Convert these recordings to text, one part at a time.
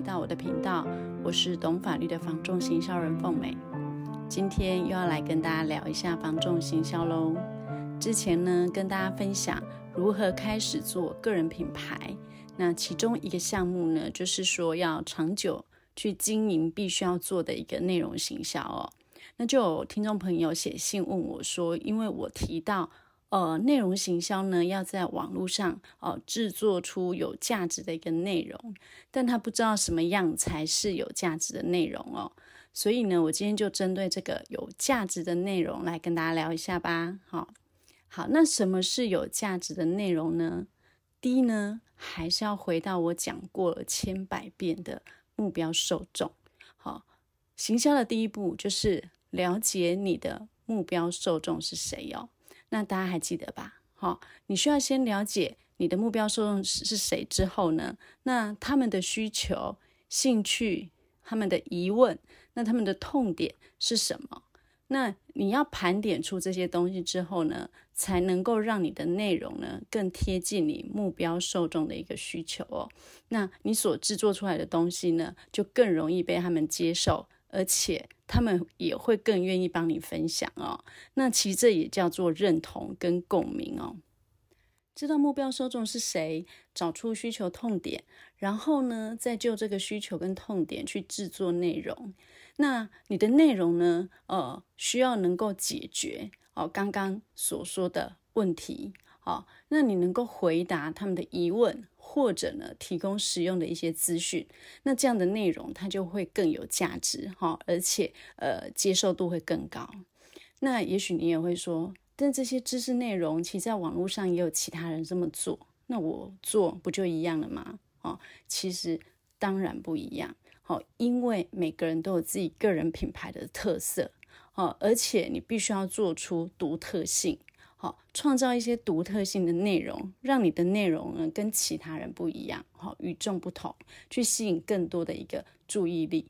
到我的頻道，我是懂法律的房仲行銷人鳳美，今天又要來跟大家聊一下房仲行銷嘍。之前呢，跟大家分享如何開始做個人品牌，那其中一個項目呢，就是說要長久去經營必須要做的一個內容行銷哦。那就有聽眾朋友寫信問我說，因為我提到。呃、哦，內容行銷呢，要在網絡上哦製作出有價值的一個內容，但它不知道什麼樣才是有價值的內容哦。所以呢，我今天就針對這個有價值的內容來跟大家聊一下吧。好、哦，好，那什麼是有價值的內容呢？第一呢，還是要回到我講過了千百遍的目標受眾。好、哦，行銷的第一步就是了解你的目標受眾是誰哦。那大家還記得吧？好、哦，你需要先了解你的目標受眾是誰，之後呢，那他們的需求、興趣、他們的疑問，那他們的痛點是什麼？那你要盤點出這些東西之後呢，才能夠讓你的內容呢更貼近你目標受眾的一個需求哦。那你所製作出來的東西呢，就更容易被他們接受，而且。他們也會更願意幫你分享哦。那其實這也叫做認同跟共鳴哦。知道目標受眾是誰，找出需求痛點，然後呢，再就這個需求跟痛點去制作內容。那你的內容呢，呃，需要能夠解決哦，呃，剛剛所說的問題。好，那你能夠回答他們的疑問，或者呢，提供實用的一些資訊，那這樣的內容它就會更有價值哈、哦，而且呃接受度會更高。那也許你也會說，但這些知識內容其實在網絡上也有其他人這麼做，那我做不就一樣了嗎？哦，其實當然不一樣，好、哦，因為每個人都有自己個人品牌的特色，哦，而且你必須要做出獨特性。好，創造一些獨特性的內容，讓你的內容呢跟其他人不一樣，好，與眾不同，去吸引更多的一個注意力。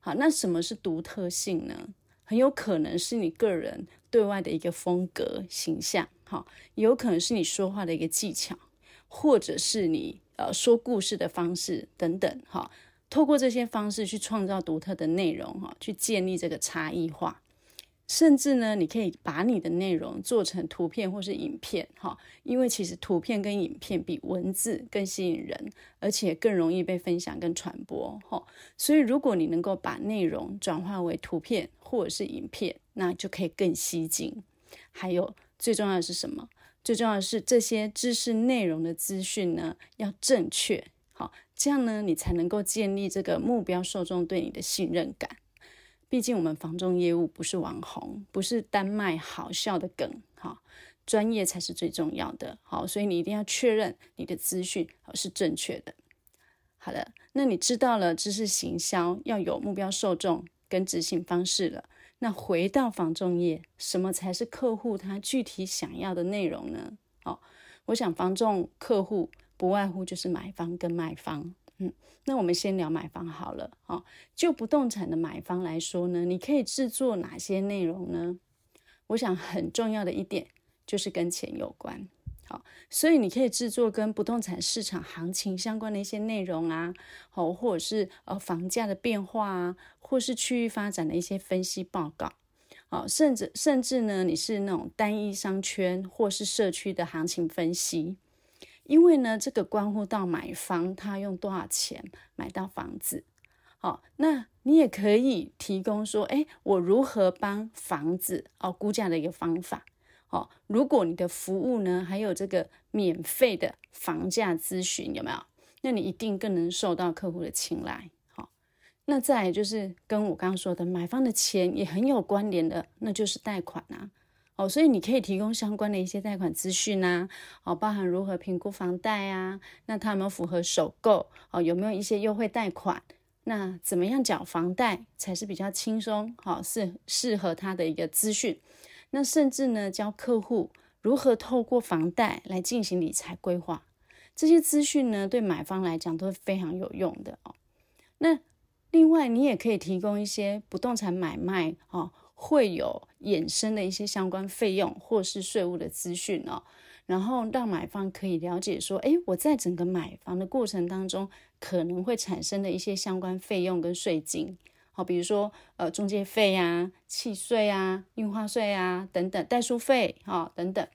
好，那什麼是獨特性呢？很有可能是你個人對外的一個風格形象，哈，也有可能是你說話的一個技巧，或者是你呃說故事的方式等等，哈，透過這些方式去創造獨特的內容，哈，去建立這個差異化。甚至呢，你可以把你的內容做成圖片或是影片，哈、哦，因為其實圖片跟影片比文字更吸引人，而且更容易被分享跟傳播，哈、哦。所以如果你能夠把內容轉化為圖片或者是影片，那就可以更吸睛。還有最重要的是什麼？最重要的是這些知識內容的資訊呢要正確，好、哦，這樣呢你才能夠建立這個目標受眾對你的信任感。畢竟我們房仲業務不是網紅，不是單賣好笑的梗，哈，專業才是最重要的，好，所以你一定要確認你的資訊是正確的。好的，那你知道了知識行銷要有目標受眾跟執行方式了，那回到房仲業，什麼才是客戶他具體想要的內容呢？好，我想房仲客戶不外乎就是買方跟賣方。嗯，那我們先聊買方好了。哦，就不動產的買方來說呢，你可以製作哪些內容呢？我想很重要的一點就是跟錢有關。好，哦，所以你可以製作跟不動產市場行情相關的一些內容啊，好，哦，或者是呃房價的變化啊，或是區域發展的一些分析報告。好，哦，甚至甚至呢，你是那種單一商圈或是社區的行情分析。因為呢，這個關乎到買方他用多少錢買到房子，好，哦，那你也可以提供說，哎，我如何幫房子哦估價的一個方法，好，哦，如果你的服務呢還有這個免費的房價諮詢有沒有？那你一定更能受到客戶的青睞，好，哦，那再來就是跟我剛剛說的買方的錢也很有關聯的，那就是貸款啊。哦，所以你可以提供相關的一些貸款資訊啊，哦，包含如何評估房貸啊，那他們符合首購哦，有沒有一些優惠貸款？那怎麼樣繳房貸才是比較輕鬆？好，哦，是適合他的一個資訊。那甚至呢，教客戶如何透過房貸來進行理財規劃，這些資訊呢，對買方來講都是非常有用的哦。那另外，你也可以提供一些不動產買賣哦。會有衍生的一些相關費用或是稅務的資訊、哦、然後讓買方可以了解說，哎，我在整個買房的過程當中可能會產生的一些相關費用跟稅金，好、哦，比如說呃中介費啊、契稅啊、印花稅啊等等，代書費啊、哦、等等。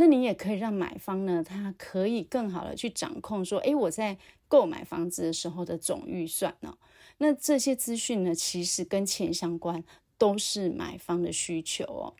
那你也可以讓買方呢，他可以更好的去掌控說，哎，我在購買房子的時候的總預算呢、哦？那這些資訊呢，其實跟錢相關。都是買方的需求哦。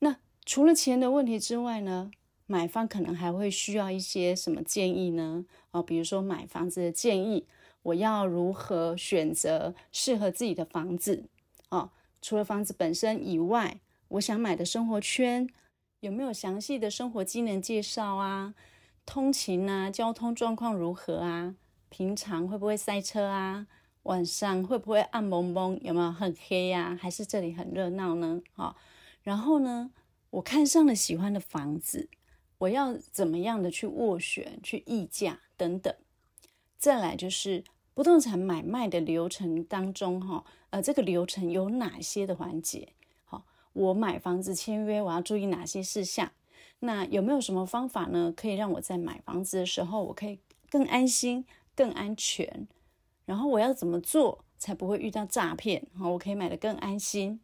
那除了錢的問題之外呢，買方可能還會需要一些什麼建議呢？啊、哦，比如說買房子的建議，我要如何選擇適合自己的房子？哦，除了房子本身以外，我想買的生活圈有沒有詳細的生活機能介紹啊？通勤啊，交通狀況如何啊？平常會不會塞車啊？晚上會不會暗蒙蒙？有沒有很黑呀、啊？還是這裡很熱鬧呢？哈、哦，然後呢？我看上了喜歡的房子，我要怎麼樣的去斡旋、去議價等等？再來就是不動產買賣的流程當中，哈、哦，呃，這個流程有哪些的環節？好、哦，我買房子簽約，我要注意哪些事項？那有沒有什麼方法呢，可以讓我在買房子的時候，我可以更安心、更安全？然後我要怎麼做才不會遇到詐騙？好，我可以買得更安心。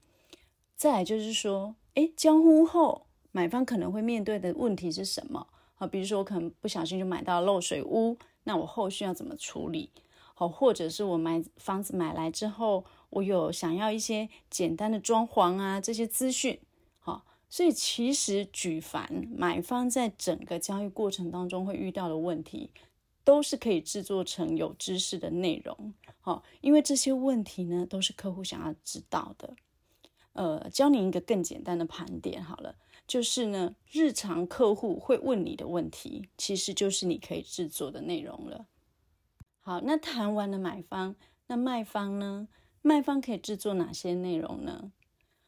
再來就是說，誒，交屋後買方可能會面對的問題是什麼？好，比如說我可能不小心就買到漏水屋，那我後續要怎麼處理？好，或者是我買房子買來之後，我有想要一些簡單的裝潢啊，這些資訊。好，所以其實舉凡買方在整個交易過程當中會遇到的問題。都是可以製作成有知識的內容，好，因為這些問題呢，都是客戶想要知道的。呃，教你一個更簡單的盤點好了，就是呢，日常客戶會問你的問題，其實就是你可以製作的內容了。好，那談完了買方，那賣方呢？賣方可以製作哪些內容呢？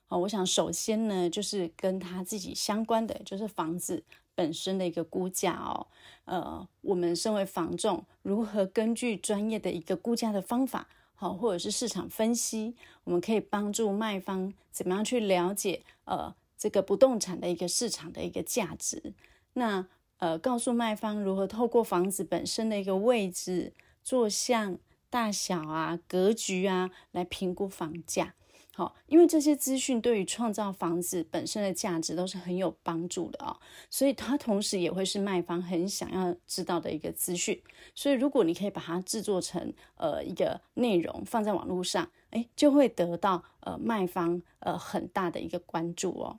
好，我想首先呢，就是跟他自己相關的，就是房子。本身的一個估價哦，呃，我們身為房仲，如何根據專業的一個估價的方法，好，或者是市場分析，我們可以幫助賣方怎麼樣去了解，呃，這個不動產的一個市場的一個價值，那呃，告訴賣方如何透過房子本身的一個位置、坐向、大小啊、格局啊，來評估房價。好，因為這些資訊對於創造房子本身的價值都是很有幫助的哦，所以它同時也會是賣方很想要知道的一個資訊。所以如果你可以把它製作成呃一個內容放在網絡上，哎，就會得到呃賣方呃很大的一個關注哦。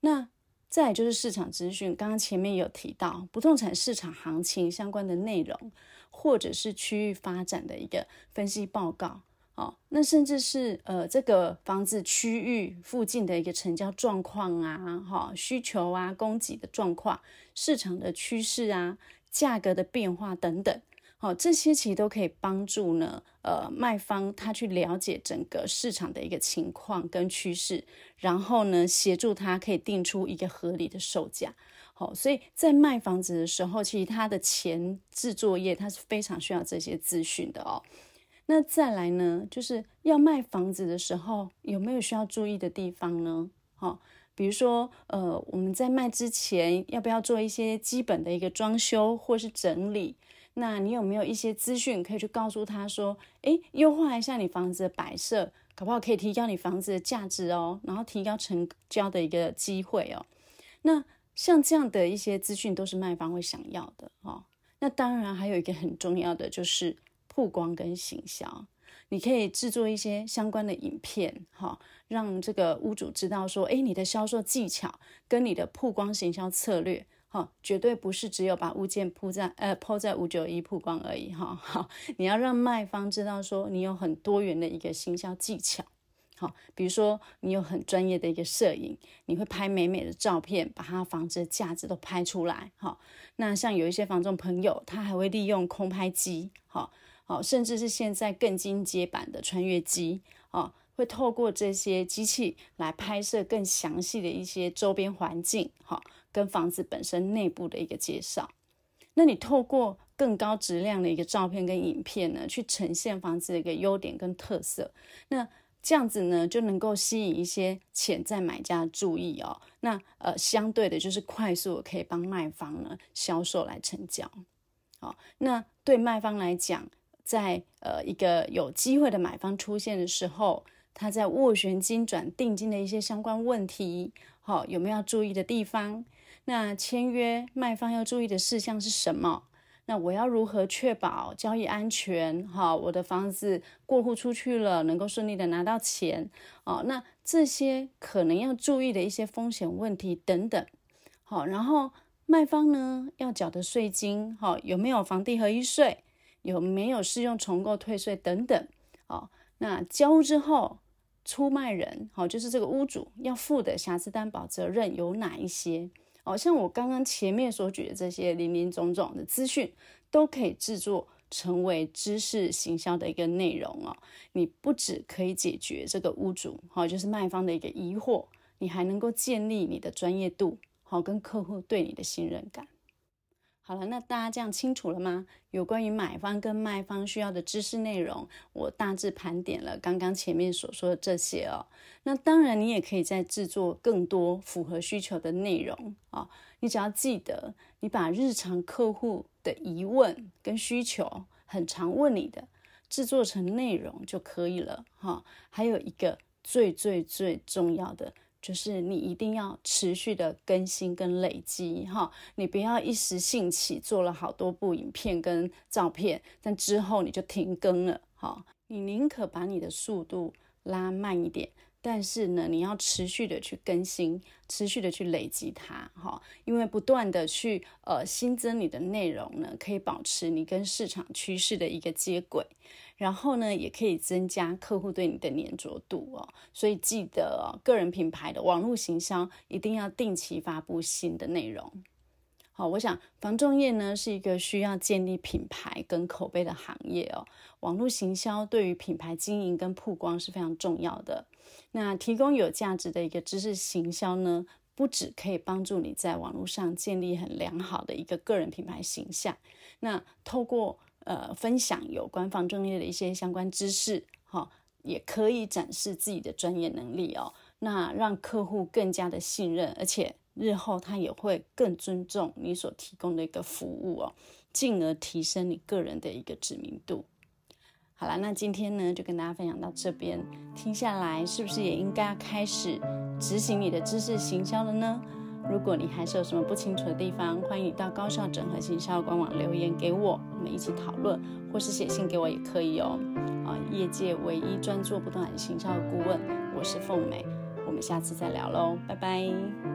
那再來就是市場資訊，剛剛前面有提到不動產市場行情相關的內容，或者是區域發展的一個分析報告。哦，那甚至是呃，這個房子區域附近的一個成交狀況啊，哈、哦，需求啊，供給的狀況，市場的趨勢啊，價格的變化等等，好、哦，這些其實都可以幫助呢，呃，賣方他去了解整個市場的一個情況跟趨勢，然後呢，協助他可以定出一個合理的售價。好、哦，所以在賣房子的時候，其實他的前置作業他是非常需要這些資訊的哦。那再來呢，就是要賣房子的時候有沒有需要注意的地方呢？哈、哦，比如說，呃，我們在賣之前要不要做一些基本的一個裝修或是整理？那你有沒有一些資訊可以去告訴他說，哎，優化一下你房子的擺設，可不可以提高你房子的價值哦，然後提高成交的一個機會哦。那像這樣的一些資訊都是賣方會想要的哦。那當然還有一個很重要的就是。曝光跟行銷，你可以製作一些相關的影片，哈、哦，讓這個屋主知道說，哎，你的銷售技巧跟你的曝光行銷策略，哈、哦，絕對不是只有把物件鋪在，呃，鋪在五九一曝光而已，哈、哦哦，你要讓賣方知道說，你有很多元的一個行銷技巧，哈、哦，比如說你有很專業的一個攝影，你會拍美美的照片，把他房子的價值都拍出來，哈、哦，那像有一些房仲朋友，他還會利用空拍機，哈、哦。哦，甚至是現在更進階版的穿越機，哦，會透過這些機器來拍攝更詳細的一些周邊環境，哈、哦，跟房子本身內部的一個介紹。那你透過更高質量的一個照片跟影片呢，去呈現房子的一個優點跟特色，那這樣子呢就能夠吸引一些潛在買家的注意哦。那呃，相對的就是快速可以幫賣方呢銷售來成交，好、哦，那對賣方來講。在呃一個有機會的買方出現的時候，他在斡旋金轉定金的一些相關問題，好、哦、有沒有要注意的地方？那簽約賣方要注意的事項是什麼？那我要如何確保交易安全？好、哦，我的房子過戶出去了，能夠順利的拿到錢？哦，那這些可能要注意的一些風險問題等等，好、哦，然後賣方呢要繳的稅金，好、哦、有沒有房地合一稅？有沒有適用重購退稅等等？哦，那交之後，出賣人，哦，就是這個屋主要負的瑕疵擔保責任有哪一些？哦，像我剛剛前面所舉的這些林林總總的資訊，都可以製作成為知識行銷的一個內容哦。你不止可以解決這個屋主，哦，就是賣方的一個疑惑，你還能夠建立你的專業度，好、哦，跟客戶對你的信任感。好了，那大家這樣清楚了嗎？有關於買方跟賣方需要的知識內容，我大致盤點了剛剛前面所說的這些哦。那當然，你也可以再制作更多符合需求的內容啊、哦。你只要記得，你把日常客戶的疑問跟需求很常問你的，制作成內容就可以了哈、哦。還有一個最最最重要的。就是你一定要持續的更新跟累積哈，你不要一時興起做了好多部影片跟照片，但之後你就停更了哈，你寧可把你的速度拉慢一點。但是呢，你要持續的去更新，持續的去累積它，哈、哦，因為不斷的去呃新增你的內容呢，可以保持你跟市場趨勢的一個接軌，然後呢，也可以增加客戶對你的粘着度哦。所以記得、哦，個人品牌的網絡行銷一定要定期發布新的內容。好、哦，我想房仲業呢是一個需要建立品牌跟口碑的行業哦，網絡行銷對於品牌經營跟曝光是非常重要的。那提供有價值的一個知識行銷呢，不只可以幫助你在網絡上建立很良好的一個個人品牌形象，那透過呃分享有關房仲業的一些相關知識，哈、哦，也可以展示自己的專業能力哦，那讓客戶更加的信任，而且日後他也會更尊重你所提供的一個服務哦，進而提升你個人的一個知名度。好啦，那今天呢就跟大家分享到這邊。聽下來，是不是也應該要開始執行你的知識行銷了呢？如果你還是有什麼不清楚的地方，歡迎你到高效整合行銷官網留言給我，我們一起討論，或是寫信給我也可以哦。啊、呃，業界唯一專做不動產行銷的顧問，我是鳳美。我們下次再聊嘍，拜拜。